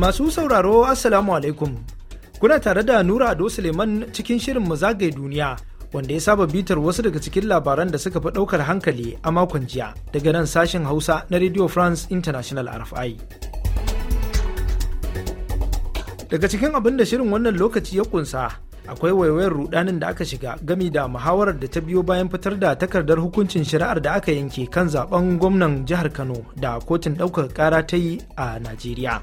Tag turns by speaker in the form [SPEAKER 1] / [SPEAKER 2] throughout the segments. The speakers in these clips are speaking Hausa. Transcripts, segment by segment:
[SPEAKER 1] Masu sauraro Assalamu alaikum. Kuna tare da Nura Ado Suleiman cikin shirin mu zagaye duniya wanda ya saba bitar wasu daga cikin labaran da suka fi ɗaukar hankali a makon jiya daga nan sashen Hausa na Radio France International RFI. Daga cikin abin da shirin wannan lokaci ya kunsa akwai waiwayar rudanin da aka shiga gami da muhawarar da ta biyo bayan fitar da takardar hukuncin shari'ar da aka yanke kan zaben gwamnan jihar kano da kotun ɗaukar ƙara ta yi a najeriya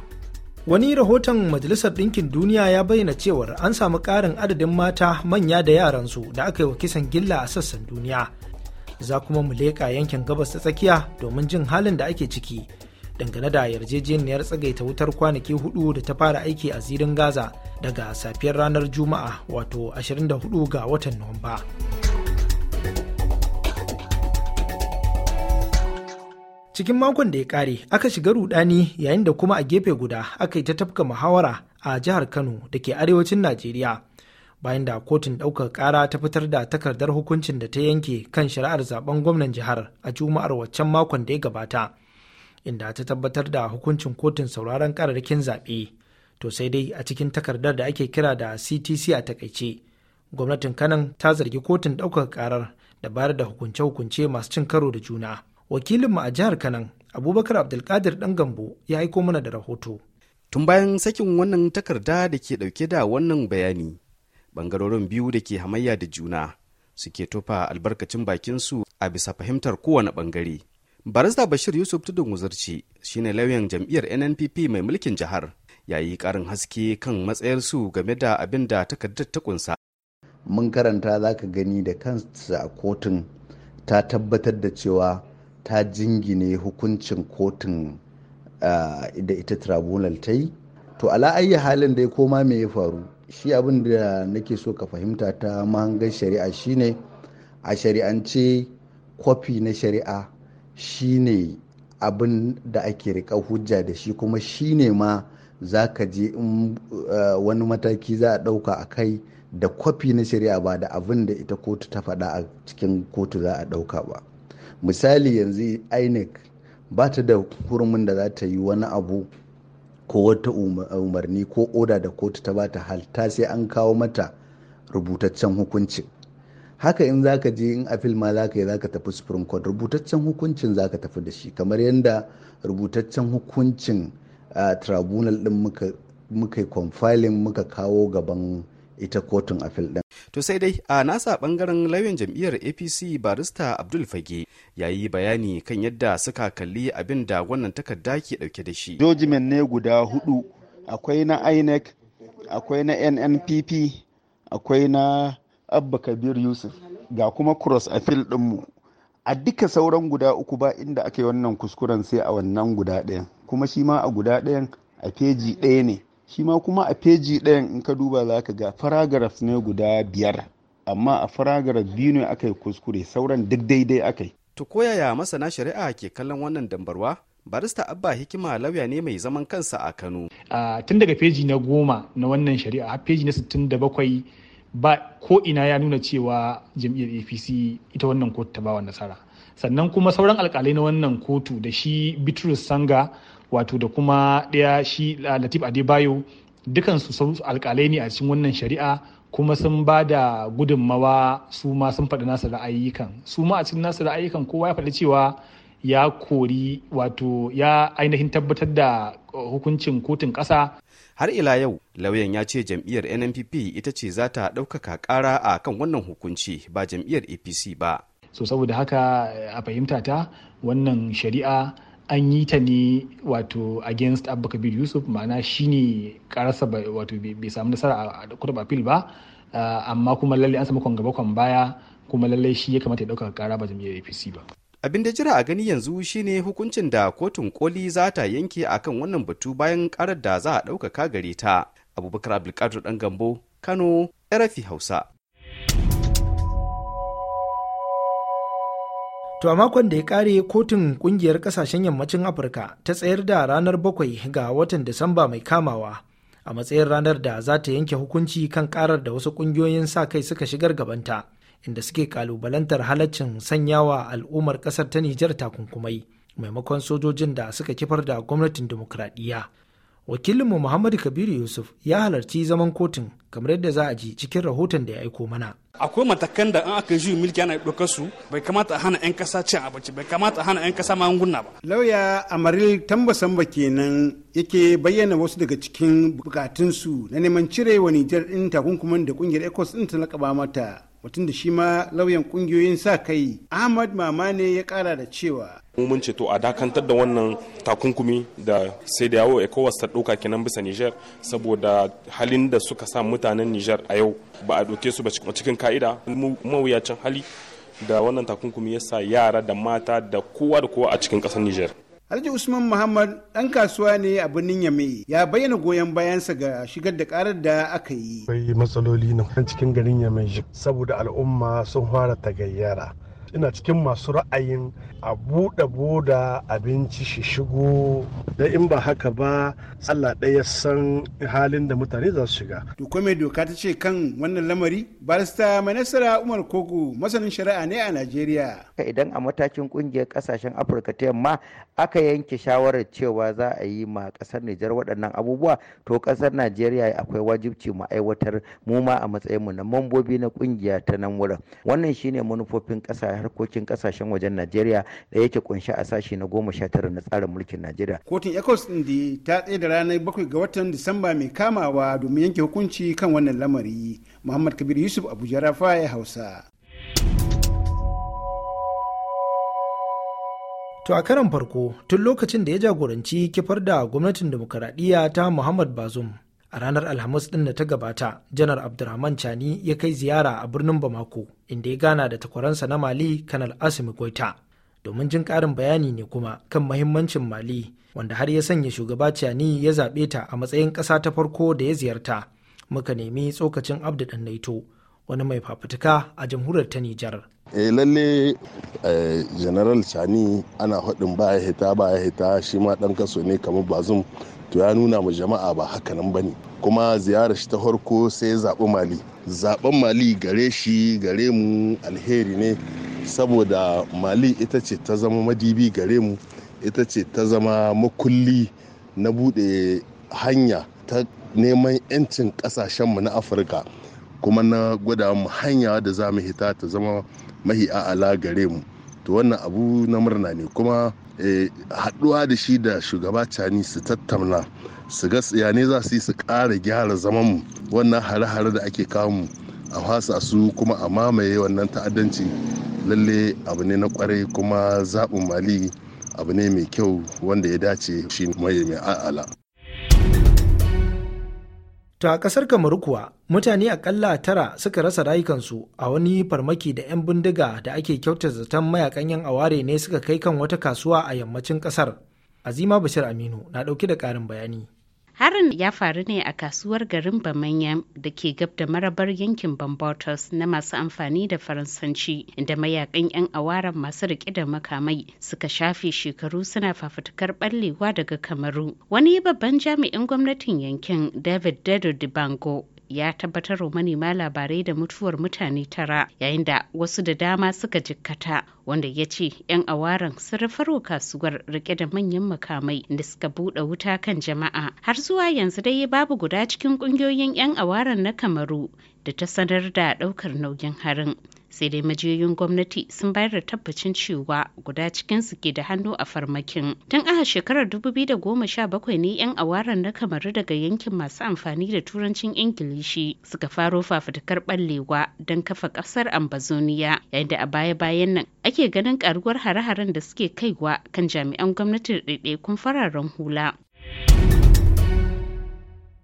[SPEAKER 1] Wani rahoton Majalisar Ɗinkin Duniya ya bayyana cewar an samu ƙarin adadin mata manya da yaransu da aka yi wa kisan gilla a sassan duniya. Za kuma mu leƙa yankin gabas ta tsakiya domin jin halin da ake ciki dangane da yarjejeniyar tsagaita wutar kwanaki hudu da ta fara aiki a zirin Gaza daga safiyar ranar Juma'a wato 24 ga watan Nuwamba. cikin makon da ya kare aka shiga rudani yayin da kuma a gefe guda aka yi ta tafka muhawara a jihar kano da ke arewacin najeriya bayan da kotun ɗaukar ƙara ta fitar da takardar hukuncin da ta yanke kan shari'ar zaben gwamnan jihar a juma'ar waccan makon da ya gabata inda ta tabbatar da hukuncin kotun sauraron kararrakin zaɓe to sai dai a cikin takardar da ake kira da ctc a takaice gwamnatin kanan ta zargi kotun ɗaukar ƙarar da bayar da hukunce-hukunce masu cin karo da juna wakilinmu a jihar kanan abubakar abdulkadir dan gambo ya aiko mana da rahoto tun bayan sakin
[SPEAKER 2] wannan takarda da ke dauke da wannan bayani bangarorin biyu da ke hamayya da juna suke tofa albarkacin bakin su a bisa fahimtar kowane bangare barista bashir yusuf tudun wuzarci shine lauyan jam'iyyar nnpp mai mulkin jihar yayi karin haske kan matsayarsu game da abin da takardar ta kunsa mun karanta
[SPEAKER 3] za ka gani da kansa a kotun ta tabbatar da cewa ta jingine hukuncin kotun da ita tribunal ta yi to ala halin da ya koma me ya faru shi abin da nake so ka fahimta ta mahangar shari'a shine a shari'ance kwafi na shari'a shine abin da ake rika hujja da shi kuma shine ma za ka je in wani mataki za a ɗauka a kai da kwafi na shari'a ba da abin da ita kotu ta faɗa a cikin kotu za a ɗauka ba misali yanzu inec ba ta da hurumin da za ta yi wani abu ko wata umarni ko oda da kotu ta bata halta sai an kawo mata rubutaccen hukuncin haka in zaka je in afil ma zaka yi zaka tafi supreme court rubutaccen hukuncin zaka tafi da shi kamar yadda rubutaccen hukuncin a ah, tribunal din muka yi confiling muka kawo gaban ita kotun afil din.
[SPEAKER 2] To sai dai a nasa ɓangaren lauyan jam'iyyar APC barista Abdul Fage ya bayani kan yadda suka kalli abin da wannan takarda ke ɗauke da shi. Jojimen ne guda hudu akwai
[SPEAKER 3] na INEC, akwai na NNPP, akwai na Abba Kabir Yusuf ga kuma cross appeal dinmu. A duka sauran guda uku ba inda aka yi wannan kuskuren sai a wannan guda ɗayan kuma shi ma a guda ɗayan a feji ɗaya ne. shi ma kuma a feji ɗayan in ka duba za ka ga paragraf ne guda biyar amma
[SPEAKER 2] a paragraf biyu ne aka yi kuskure sauran duk daidai aka yi. to koyaya masana shari'a ke kallon wannan dambarwa barista abba hikima lauya ne mai zaman kansa a kano. tun daga
[SPEAKER 4] feji na goma na wannan shari'a har feji na sittin da bakwai ba ko ina ya nuna cewa jam'iyyar apc ita wannan kotu ta bawa nasara sannan kuma sauran alkalai na wannan kotu da shi bitrus sanga wato da kuma ɗaya shi ah, latif adebayo dukansu alkalai ne a cikin wannan shari'a kuma sun ba da gudunmawa su ma sun faɗi nasu ra'ayikan su ma a cikin nasu ra'ayikan kowa ya faɗi cewa ya kori wato ya ainihin tabbatar da ah, hukuncin
[SPEAKER 2] kotun ƙasa har ila yau lauyan ya ce jam'iyyar nnpp ita ce za ta ɗaukaka ƙara a kan wannan hukunci ba jam'iyyar apc ba
[SPEAKER 4] so saboda haka eh, a fahimta ta wannan shari'a an yi ta ne wato against abubakar kabir yusuf ma'ana shine karasa wato bai samu nasara a kudu apil ba eh, amma kuma lallai an samu gaba kwan baya kuma lallai shi ya kamata ya ɗauka kara ba jami'ar apc ba
[SPEAKER 2] abin da jira a gani yanzu shine hukuncin da kotun koli za ta yanke akan wannan batu bayan karar da za a ɗaukaka gare ta abubakar abdulkadir dan gambo kano rfi hausa
[SPEAKER 1] To a makon da ya kare kotun kungiyar kasashen yammacin Afirka ta tsayar da ranar bakwai ga watan Disamba mai kamawa a matsayin ranar da za ta yanke hukunci kan karar da wasu kungiyoyin sa kai suka shigar gabanta inda suke kalubalantar halaccin sanyawa al'ummar kasar ta Nijar takunkumai maimakon sojojin da suka kifar da gwamnatin demokradiyya. Wakilinmu Muhammadu Kabiru Yusuf ya halarci zaman kotun kamar yadda za a ji cikin rahoton da ya aiko mana. akwai
[SPEAKER 4] matakan da an aka juyi mulki ana ɗauka su bai kamata a hana 'yan kasa cin abinci bai kamata a hana 'yan kasa magunguna ba.
[SPEAKER 3] lauya amaril ba kenan yake bayyana wasu daga cikin bukatunsu na neman cire wa nijar ɗin takunkuman da ƙungiyar ecos ɗin ta lakaba mata mutum da shi ma lauyan kungiyoyin sa kai ahmad mama ne ya kara da cewa
[SPEAKER 5] mun ceto a dakantar da wannan takunkumi da sai da yawo ecowas ta ɗauka kenan bisa niger saboda halin da suka sa mutanen niger a yau ba a doke su ba cikin ka'ida mawuyacin hali da wannan takunkumi ya sa yara da mata da kowa da kowa a cikin ƙasar niger
[SPEAKER 3] Alhaji Usman Muhammad ɗan kasuwa ne a birnin Yame ya bayyana goyon bayansa ga shigar da karar da aka
[SPEAKER 6] yi. Akwai matsaloli na cikin garin Yame saboda al'umma sun fara tagayyara. ina cikin masu ra'ayin a buɗe boda abinci shi shigo da in ba haka ba allah ɗaya ya san halin da mutane za su shiga
[SPEAKER 3] to kome doka ta ce kan wannan lamari barista mai nasara umar kogo masanin shari'a ne a najeriya idan a matakin ƙungiyar kasashen afirka ta yamma aka yanke shawarar cewa za a yi ma kasar nijar waɗannan abubuwa to kasar najeriya akwai wajibci mu aiwatar mu ma a matsayinmu na mambobi na kungiya ta nan wurin wannan shine manufofin kasashen harkokin kasashen wajen Najeriya da yake kunshi a sashi na goma sha tara na tsarin mulkin Najeriya. Kotun ECOWAS ɗin da ta tsaye da ranar bakwai ga watan Disamba mai kamawa domin yanke hukunci kan wannan lamari. Muhammad Kabir Yusuf Abuja Rafa Hausa.
[SPEAKER 1] To a karan farko tun lokacin da ya jagoranci kifar da gwamnatin demokaradiyya ta Muhammad Bazoum a ranar alhamis din da ta gabata janar abdulrahman chani ya kai ziyara a birnin bamako inda ya gana da takwaransa na mali kanal asimi goita domin jin karin bayani ne kuma kan mahimmancin mali wanda har ya sanya shugaba chani ya zaɓe ta a matsayin ƙasa ta farko da ya ziyarta muka nemi tsokacin abdu naito wani mai fafutuka a jamhuriyar ta nijar
[SPEAKER 6] e lalle eh, general chani ana haɗin baya hita baya hita shi ma ɗan kaso ne kamar bazum to ya nuna ma jama'a ba haka nan ne kuma ziyarar shi ta farko sai zaɓi mali zaɓen mali gare shi gare mu alheri ne saboda mali ita ce ta zama madibi gare mu ita ce ta zama makulli na buɗe hanya ta neman 'yancin ƙasashenmu na afirka kuma na gwada mu hanya da za mu hita ta zama mahi a'ala gare mu to wannan abu na murna ne kuma eh, haɗuwa da shi da shugaba cani su tattauna su ga ne za su yi su ƙara gyara zamanmu wannan hare-hare da ake kawo a fasa su kuma a mamaye wannan ta'addanci lalle abu ne na kwarai kuma zaɓin mali abu ne mai kyau wanda ya dace shi mai ala.
[SPEAKER 1] To a ƙasar Kamaru kuwa mutane akalla tara suka rasa rayukansu a wani farmaki da 'yan bindiga da ake kyauta zaton mayakan 'yan aware ne suka kai kan wata kasuwa a yammacin ƙasar. Azima Bashir Aminu na ɗauke da ƙarin bayani.
[SPEAKER 7] Harin ya faru ne a kasuwar garin Bamanya da ke gab da marabar yankin Bambotos na masu amfani da Faransanci, inda mayakan 'yan awaran masu rike da makamai suka shafe shekaru suna fafutukar ballewa daga Kamaru. Wani babban jami'in gwamnatin yankin David Dedo Dibango ya tabbatar wa manema labarai da mutuwar mutane tara yayin da wasu da dama suka jikkata wanda ya ce 'yan awaran sun rufarwa kasuwar rike da manyan makamai da suka buɗe wuta kan jama'a har zuwa yanzu dai babu guda cikin ƙungiyoyin 'yan awaran na kamaru da ta sanar da ɗaukar nauyin harin sai dai majiyoyin gwamnati sun bayar da tabbacin cewa guda cikin su ke da hannu a farmakin tun a shekarar 2017 ne yan awaran na kamaru daga yankin masu amfani da turancin ingilishi suka faro fafutukar ballewa don kafa kasar ambazoniya yayin da a baya-bayan nan ake ganin karuwar hare-haren da suke kaiwa kan jami'an gwamnati da ɗaiɗaikun fararen hula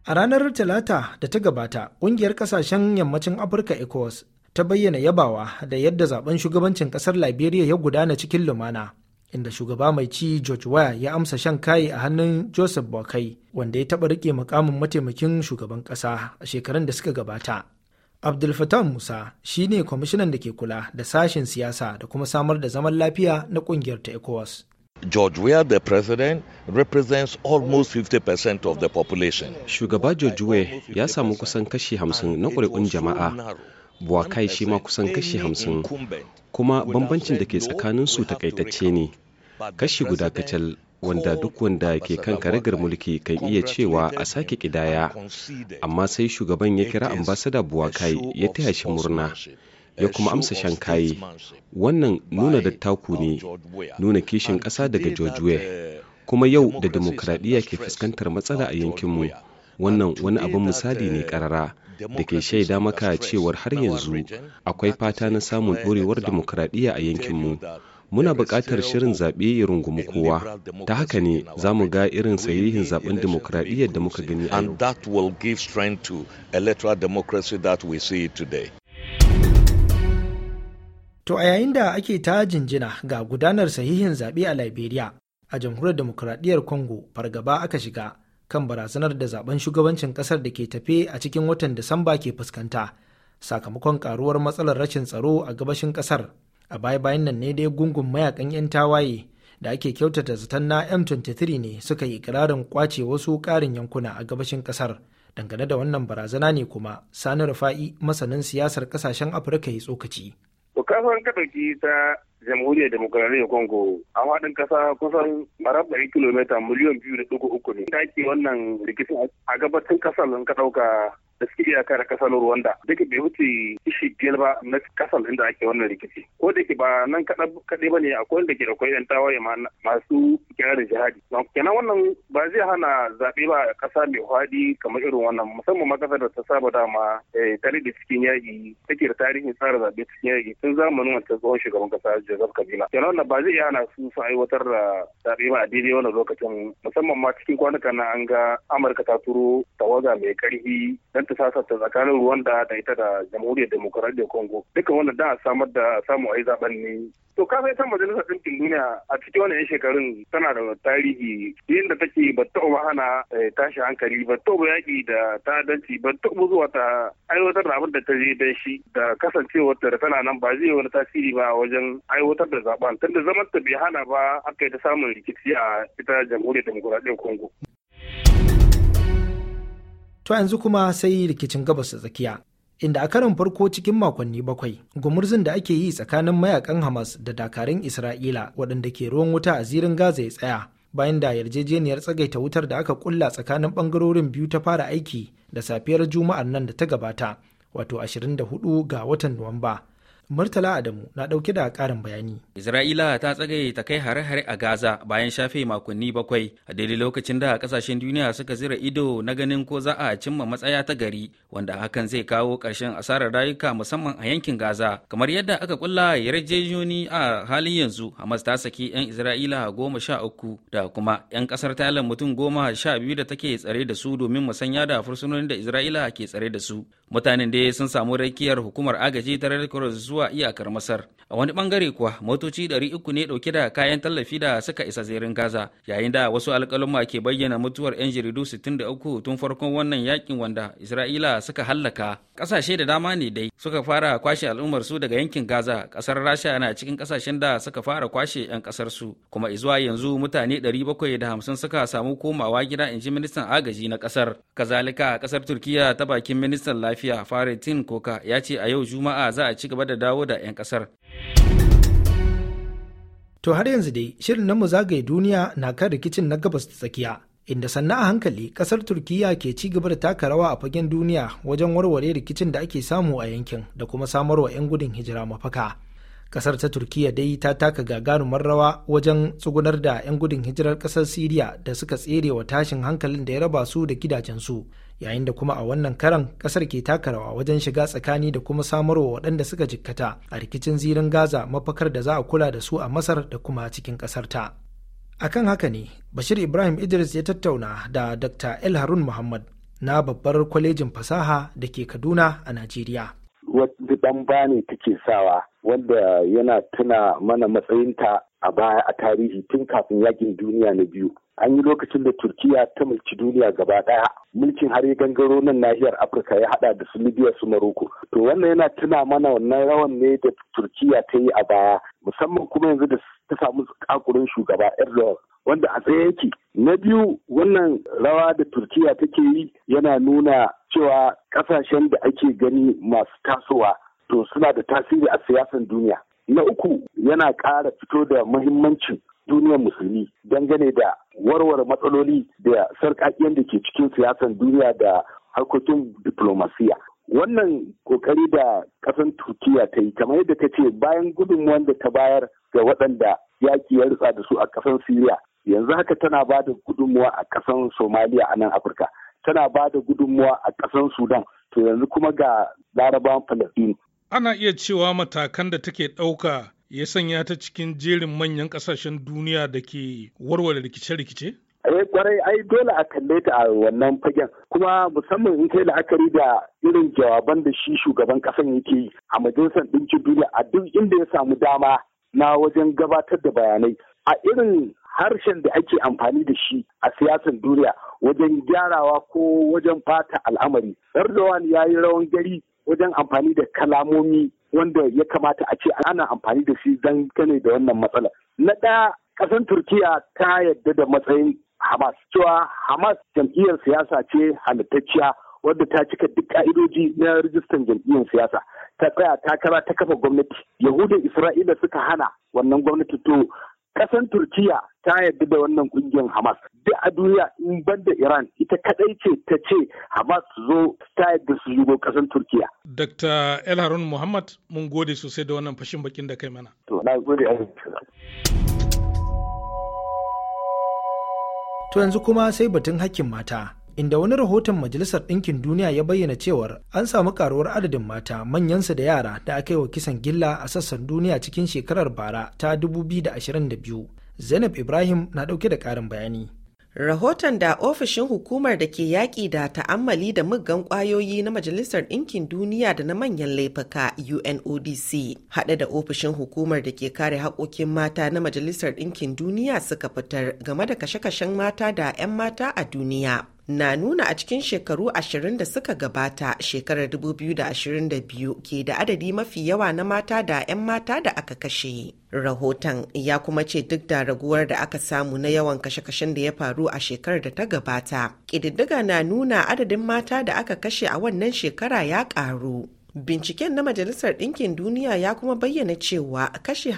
[SPEAKER 1] A ranar Talata da ta gabata, ƙungiyar ƙasashen yammacin Afirka ECOWAS ta bayyana yabawa da yadda zaben shugabancin kasar liberia ya gudana cikin lumana inda shugaba mai ci george waya ya amsa shan kayi a hannun joseph Boakai wanda ya taba rike mukamin mataimakin shugaban kasa a shekarun da suka gabata abdul fatah musa shine kwamishinan da ke kula da sashen siyasa da kuma samar da zaman lafiya na kungiyar ta ecowas
[SPEAKER 2] George Weah, the president, represents almost 50% of the population. Shugaba George Weah ya samu kusan kashi 50 na ƙuri'un jama'a, Buwa kai shi ma kusan kashi hamsin, kuma bambancin da ke tsakanin su takaitacce ne. Kashi guda kacal wanda duk wanda ke kan karagar mulki kan iya cewa a sake kidaya amma sai shugaban ya kira ambasada buwakai ya taya shi murna ya kuma amsa shankayi wannan nuna dattaku ne nuna kishin ƙasa daga george uh, kuma yau da demokradiyya ke fuskantar matsala a yankinmu wannan wani abin misali ne karara uh, da ke shaida maka cewar har yanzu akwai fata na samun ɗorewar dimokuraɗiyya a yankinmu muna buƙatar shirin zaɓe ya rungumi kowa ta haka ne za mu ga irin sahihin zaɓen dimokuraɗiyyar da muka gani a yau
[SPEAKER 1] To a yayin da ake ta jinjina ga gudanar sahihin zaɓe a Liberia a jamhuriyar demokuraɗiyyar Congo fargaba aka shiga kan barazanar da zaben shugabancin kasar da ke tafe a cikin watan Disamba ke fuskanta sakamakon karuwar matsalar rashin tsaro a gabashin kasar. A baya-bayan nan ne dai gungun mayakan 'yan tawaye da ake kyautata zaton na M23 ne suka yi ikirarin kwace wasu karin yankuna a gabashin kasar. Dangane da wannan barazana ne kuma Sani Rufa'i masanin siyasar kasashen Afirka ya tsokaci.
[SPEAKER 5] kasar ta ɗauki ta jamhuriyar demokuraɗiyyar congo a faɗin ƙasa kusan marabai kilomita miliyan biyu da ɗigo uku ne da wannan rikicin a gabatun ƙasar ka ɗauka da suke iyaka da kasar Rwanda duka bai wuce kishi biyar ba na kasar inda ake wannan rikici ko da ke ba nan kaɗai ba ne akwai da ke da yan tawaye masu da jihadi kenan wannan ba zai hana zaɓe ba ƙasa mai hwadi kamar irin wannan musamman ma ƙasar da ta saba dama eh, tare da cikin yaƙi take da tarihin tsara zaɓe cikin yaƙi tun zamanin wancan tsohon shugaban ƙasa Joseph Kabila kenan wannan ba zai hana su su aiwatar da zaɓe ba a daidai wannan lokacin musamman ma cikin kwanuka na an ga Amurka ta turo tawaga mai ƙarfi don ta sasa ta tsakanin Rwanda da ita da Jamhuriyar Demokuraɗiyyar Congo duka wannan da a samar da samu a yi zaben ne to ka ta majalisar ɗinkin duniya a cikin wannan yan shekarun tana da tarihi da take ba ta ba hana eh, tashi hankali ba ta ba yaƙi da danci ba ta ba zuwa ta aiwatar da abin da ta je da shi da kasancewar ta tana nan ba zai wani tasiri ba wajen aiwatar da zaben tunda zaman ta bai hana ba aka yi ta samun rikici a ita jamhuriyar demokuraɗiyyar congo
[SPEAKER 1] To yanzu kuma sai rikicin gabas da tsakiya, inda a karon farko cikin makonni bakwai, gumurzun da ake yi tsakanin mayakan Hamas da dakarun Isra'ila waɗanda ke ruwan wuta a zirin Gaza ya tsaya, bayan da yarjejeniyar tsagaita wutar da aka kulla tsakanin ɓangarorin biyu ta fara aiki da safiyar Juma'ar nan da ta gabata, wato 24 ga watan Nuwamba. Murtala Adamu na dauke da karin bayani.
[SPEAKER 8] Isra'ila ta tsagaye ta kai hare-hare a Gaza bayan shafe makonni bakwai a daidai lokacin da kasashen duniya suka zira ido na ganin ko za a cimma matsaya ta gari wanda hakan zai kawo ƙarshen asarar rayuka musamman a yankin Gaza. Kamar yadda aka kulla yarjejeni a halin yanzu Hamas ta saki 'yan Isra'ila goma sha uku da kuma 'yan ƙasar Thailand mutum goma sha biyu da take tsare da su domin musanya da fursunonin da Isra'ila ke tsare da su. Mutanen dai sun samu rakiyar hukumar agaji ta Red Cross zuwa iyakar Masar. A wani bangare kuwa motoci 300 ne dauke da kayan tallafi da suka isa zirin Gaza, yayin da wasu alkaluma ke bayyana mutuwar 'yan jaridu 63 tun farkon wannan yakin wanda Isra'ila suka hallaka. Kasashe da dama ne dai suka fara kwashe al'ummar su daga yankin Gaza. Kasar Rasha na cikin kasashen da suka fara kwashe 'yan kasar su, kuma izuwa yanzu mutane 750 suka samu komawa gida inji ministan agaji na kasar. Kazalika kasar Turkiya ta bakin ministan lafiya Faretin Koka ya ce a yau Juma'a za a ci gaba da dawo da 'yan ƙasar.
[SPEAKER 1] To har yanzu dai shirin na zagaye duniya na kan rikicin na gabas ta tsakiya. Inda sannan a hankali kasar Turkiyya ke ci gaba da taka rawa a fagen duniya wajen warware rikicin da ake samu a yankin da kuma samarwa 'yan gudun hijira mafaka. Kasar ta Turkiyya dai ta taka gagarumar rawa wajen tsugunar da 'yan gudun hijirar kasar Siriya da suka tsere wa tashin hankalin da ya raba su da gidajensu. yayin da kuma a wannan karan kasar ke taka rawa wajen shiga tsakani da kuma samarwa waɗanda suka jikkata a rikicin zirin gaza mafakar da za a kula da su a masar da kuma cikin ƙasar ta akan haka ne bashir ibrahim idris ya tattauna da dr el harun muhammad na babbar kwalejin fasaha da ke kaduna a najeriya
[SPEAKER 9] wadda ba ne take sawa wanda yana tuna mana matsayinta a baya a tarihi tun kafin yakin duniya na biyu an yi lokacin da turkiya ta mulki duniya gaba daya mulkin har yi gangaro nan nahiyar afirka ya hada da su libya su maroko to wannan yana tuna mana wannan rawan ne da turkiya ta yi a baya musamman kuma yanzu da ta samu kakurin shugaba erdogan wanda a tsaye yake na biyu wannan rawa da turkiya take yi yana nuna cewa kasashen da ake gani masu tasowa to suna da tasiri a siyasan duniya na uku yana ƙara fito da muhimmancin duniyar musulmi dangane da warware matsaloli da sarƙaƙiyar da ke cikin siyasar duniya da harkokin diplomasiya. Wannan kokari da ƙasar Turkiya ta yi kamar yadda ta ce bayan gudunmuwan da ta bayar ga waɗanda yaƙi ya rutsa da su a kasan Siriya yanzu haka tana ba da gudunmuwa a kasan Somaliya a nan Afirka. Tana ba da gudunmuwa a kasan Sudan to yanzu kuma ga larabawan Falasɗin.
[SPEAKER 4] Ana iya cewa matakan da take ɗauka ya sanya ta cikin jerin manyan ƙasashen duniya da ke warware rikice-rikice?
[SPEAKER 9] eh kwarai ai dole a kalle ta a wannan fagen kuma musamman in kai la'akari da irin jawaban da shi shugaban kasan yake yi a majalisar ɗinkin duniya a duk inda ya samu dama na wajen gabatar da bayanai a irin harshen da ake amfani da shi a siyasar duniya wajen gyarawa ko wajen fata al'amari Erdogan ya yi rawan gari wajen amfani da kalamomi wanda ya kamata a ce ana amfani da shi zan kane da wannan matsala. Na ɗaya ƙasar Turkiya ta yadda da matsayin Hamas cewa Hamas jam'iyyar siyasa ce halittacciya wadda ta cika duk ka'idoji na rijistan jam'iyyar siyasa ta tsaya takara ta kafa gwamnati yahudin isra'ila suka hana wannan gwamnati to Kasan Turkiya ta yarda da wannan kungiyar Hamas. Duk a duniya in ban da Iran ita kadai ce ta ce Hamas zo ta yarda su yugo kasan Turkiya.
[SPEAKER 4] Dr. El Harun Muhammad mun gode sosai da wannan fashin bakin da kai mana. To
[SPEAKER 9] na gode
[SPEAKER 1] To yanzu kuma sai batun hakkin mata. inda wani rahoton majalisar ɗinkin duniya ya bayyana cewar an samu karuwar adadin mata manyansa da yara da aka yi wa kisan gilla a sassan duniya cikin shekarar bara ta 2022 zainab ibrahim
[SPEAKER 10] na ɗauke da ƙarin bayani rahoton da ofishin hukumar da ke yaƙi da ta'ammali da muggan ƙwayoyi na majalisar ɗinkin duniya da na manyan laifuka unodc haɗe da ofishin hukumar da ke kare haƙoƙin mata na majalisar ɗinkin duniya suka fitar game da kashe-kashen mata da 'yan mata a duniya na nuna a cikin shekaru 20 da suka gabata shekarar 2022 ke da adadi mafi yawa na mata da 'yan mata da aka kashe. Rahoton ya kuma ce duk da raguwar da aka samu na yawan kashe-kashen da ya faru a shekarar da ta gabata, ƙididdiga na nuna adadin mata da aka kashe a wannan shekara ya ƙaru. Binciken na Majalisar Ɗinkin Duniya ya kuma bayyana cewa kashi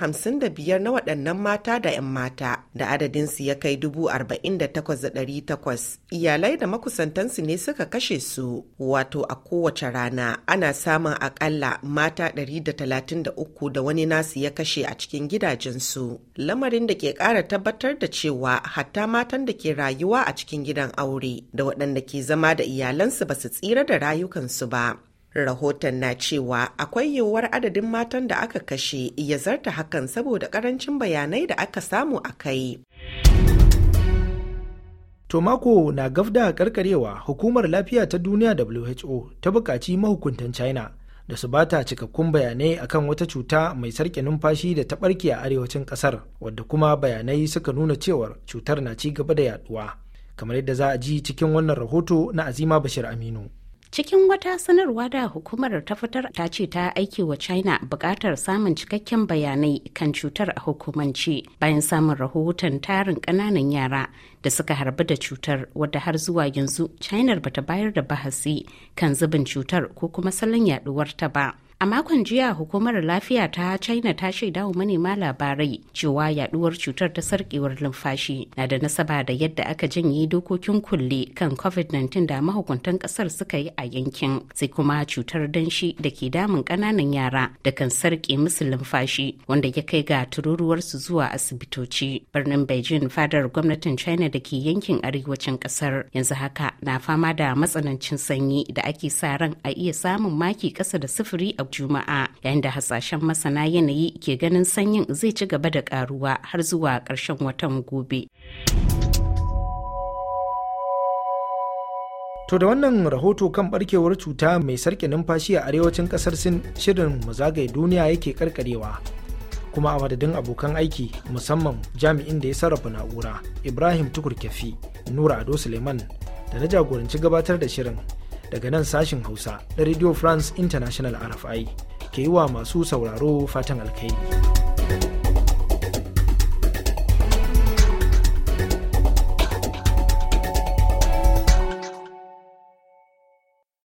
[SPEAKER 10] biyar na waɗannan mata da 'yan mata da adadinsu ya kai dubu arba'in da da ɗari 48,800 iyalai da makusantansu ne suka kashe su wato a kowace rana ana samun akalla mata 133 da wani nasu ya kashe a cikin gidajensu lamarin da ke ƙara tabbatar da cewa hatta matan da ke rayuwa a cikin gidan aure da waɗanda ke zama da iyalansu ba su tsira da rayukansu ba rahoton na cewa akwai yiwuwar adadin matan da aka kashe ya zarta hakan saboda karancin bayanai da aka samu a kai
[SPEAKER 1] To mako na gafda karkarewa hukumar lafiya ta duniya WHO ta bukaci mahukuntan China da su bata cikakkun bayanai akan wata cuta mai sarke numfashi da ta barke a arewacin kasar wadda kuma bayanai suka nuna cewar cutar na ci gaba da yaduwa kamar yadda za a ji cikin wannan rahoto na azima bashir aminu
[SPEAKER 7] cikin wata sanarwa da hukumar ta fitar ta ce ta aiki wa china buƙatar samun cikakken bayanai kan cutar a hukumance bayan samun rahoton tarin ƙananan yara da suka harbi da cutar wadda har zuwa yanzu china bata bayar da bahasi kan zubin cutar ko kuma salon yaduwar ta ba A makon jiya hukumar lafiya ta China ta shaida wa manema labarai cewa yaduwar cutar ta sarkewar lumfashi na da nasaba da yadda aka janye dokokin kulle kan COVID-19 da mahukuntan kasar suka yi a yankin sai kuma cutar danshi da ke damun kananan yara da kan sarke musu lumfashi wanda ya kai ga tururuwar su zuwa asibitoci. Birnin Beijing fadar gwamnatin China da ke yankin arewacin kasar yanzu haka na fama da matsanancin sanyi da ake sa ran a iya samun maki kasa da sufuri a ranar Juma'a yayin da hasashen masana yanayi ke ganin sanyin zai ci gaba da karuwa har zuwa ƙarshen watan gobe. To da wannan rahoto
[SPEAKER 1] kan barkewar cuta mai sarki numfashi a arewacin kasar Sin shirin mu zagaye duniya yake karkarewa. Kuma a madadin abokan aiki musamman jami'in da ya sarrafa na'ura Ibrahim Tukur Kefi, Nura Ado Suleiman da na jagoranci gabatar da shirin daga nan sashin hausa na radio france international rfi ke yi wa masu sauraro fatan alkhairi.